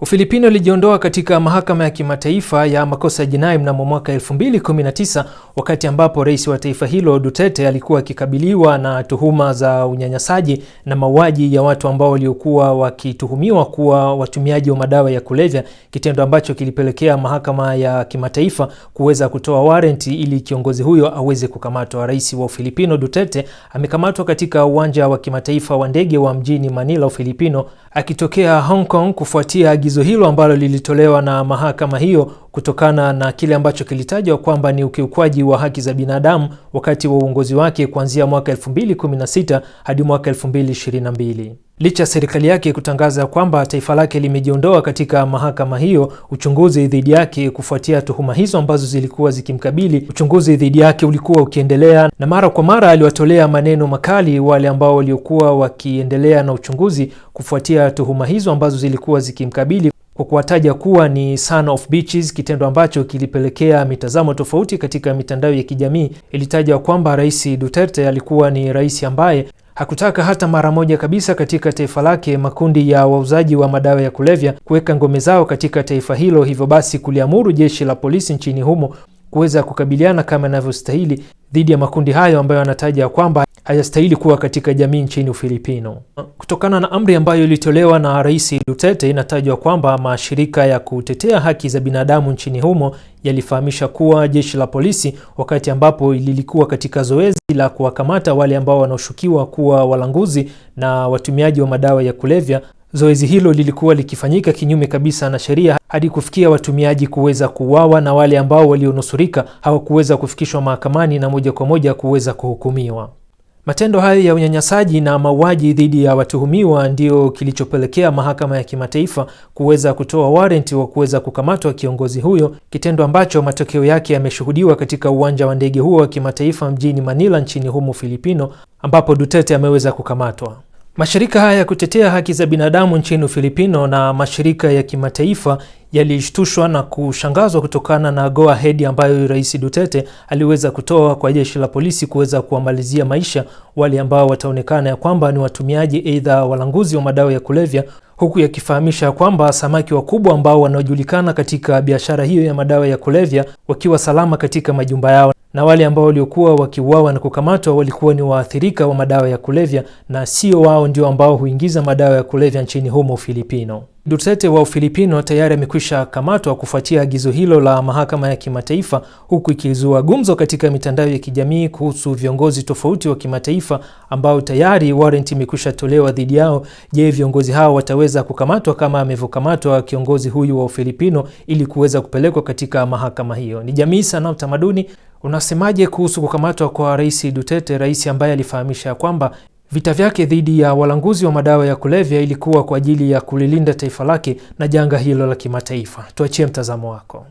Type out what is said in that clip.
Ufilipino ilijiondoa katika mahakama ya kimataifa ya makosa ya jinai mnamo mwaka 2019 wakati ambapo rais wa taifa hilo Duterte alikuwa akikabiliwa na tuhuma za unyanyasaji na mauaji ya watu ambao waliokuwa wakituhumiwa kuwa watumiaji wa madawa ya kulevya, kitendo ambacho kilipelekea mahakama ya kimataifa kuweza kutoa warenti ili kiongozi huyo aweze kukamatwa. Rais wa Ufilipino Duterte amekamatwa katika uwanja wa kimataifa wa ndege wa mjini Manila, Ufilipino akitokea Hong Kong kufuatia agizo hilo ambalo lilitolewa na mahakama hiyo kutokana na kile ambacho kilitajwa kwamba ni ukiukwaji wa haki za binadamu wakati wa uongozi wake kuanzia mwaka 2016 hadi mwaka 2022. Licha ya serikali yake kutangaza kwamba taifa lake limejiondoa katika mahakama hiyo, uchunguzi dhidi yake kufuatia tuhuma hizo ambazo zilikuwa zikimkabili, uchunguzi dhidi yake ulikuwa ukiendelea, na mara kwa mara aliwatolea maneno makali wale ambao waliokuwa wakiendelea na uchunguzi kufuatia tuhuma hizo ambazo zilikuwa zikimkabili kwa kuwataja kuwa ni son of bitches, kitendo ambacho kilipelekea mitazamo tofauti katika mitandao ya kijamii. Ilitajwa kwamba Rais Duterte alikuwa ni rais ambaye hakutaka hata mara moja kabisa katika taifa lake makundi ya wauzaji wa madawa ya kulevya kuweka ngome zao katika taifa hilo, hivyo basi kuliamuru jeshi la polisi nchini humo kuweza kukabiliana kama inavyostahili dhidi ya makundi hayo ambayo anataja kwamba hayastahili kuwa katika jamii nchini Ufilipino. Kutokana na amri ambayo ilitolewa na Rais Duterte, inatajwa kwamba mashirika ya kutetea haki za binadamu nchini humo yalifahamisha kuwa jeshi la polisi, wakati ambapo lilikuwa katika zoezi la kuwakamata wale ambao wanaoshukiwa kuwa walanguzi na watumiaji wa madawa ya kulevya, zoezi hilo lilikuwa likifanyika kinyume kabisa na sheria hadi kufikia watumiaji kuweza kuuawa na wale ambao walionusurika hawakuweza kufikishwa mahakamani na moja kwa moja kuweza kuhukumiwa. Matendo hayo ya unyanyasaji na mauaji dhidi ya watuhumiwa ndio kilichopelekea mahakama ya kimataifa kuweza kutoa warrant wa kuweza kukamatwa kiongozi huyo, kitendo ambacho matokeo yake yameshuhudiwa katika uwanja wa ndege huo wa kimataifa mjini Manila nchini humo Filipino, ambapo Duterte ameweza kukamatwa. Mashirika haya ya kutetea haki za binadamu nchini Ufilipino na mashirika ya kimataifa yalishtushwa na kushangazwa kutokana na go ahead ambayo Rais Duterte aliweza kutoa kwa jeshi la polisi kuweza kuwamalizia maisha wale ambao wataonekana ya kwamba ni watumiaji aidha walanguzi wa madawa ya kulevya, huku yakifahamisha kwamba samaki wakubwa ambao wanaojulikana katika biashara hiyo ya madawa ya kulevya wakiwa salama katika majumba yao na wale ambao waliokuwa wakiuawa na kukamatwa walikuwa ni waathirika wa madawa ya kulevya na sio wao ndio ambao huingiza madawa ya kulevya nchini humo Ufilipino. Duterte wa Ufilipino tayari amekwisha kamatwa kufuatia agizo hilo la mahakama ya kimataifa, huku ikizua gumzo katika mitandao ya kijamii kuhusu viongozi tofauti wa kimataifa ambao tayari warrant imekwisha tolewa dhidi yao. Je, viongozi hao wataweza kukamatwa kama amevyokamatwa kiongozi huyu wa Ufilipino ili kuweza kupelekwa katika mahakama hiyo? Ni jamii sana utamaduni Unasemaje kuhusu kukamatwa kwa Rais Duterte, rais ambaye alifahamisha kwamba vita vyake dhidi ya walanguzi wa madawa ya kulevya ilikuwa kwa ajili ya kulilinda taifa lake na janga hilo la kimataifa? Tuachie mtazamo wako.